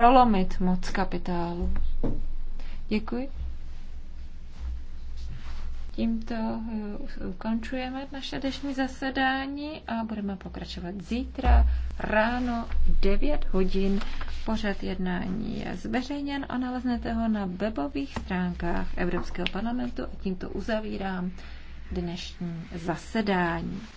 prolomit moc kapitálu. Děkuji. Tímto eh, ukončujeme naše dnešní zasedání a budeme pokračovat zítra ráno 9 hodin. Pořad jednání je zveřejněn a naleznete ho na webových stránkách Evropského parlamentu a tímto uzavírám dnešní zasedání.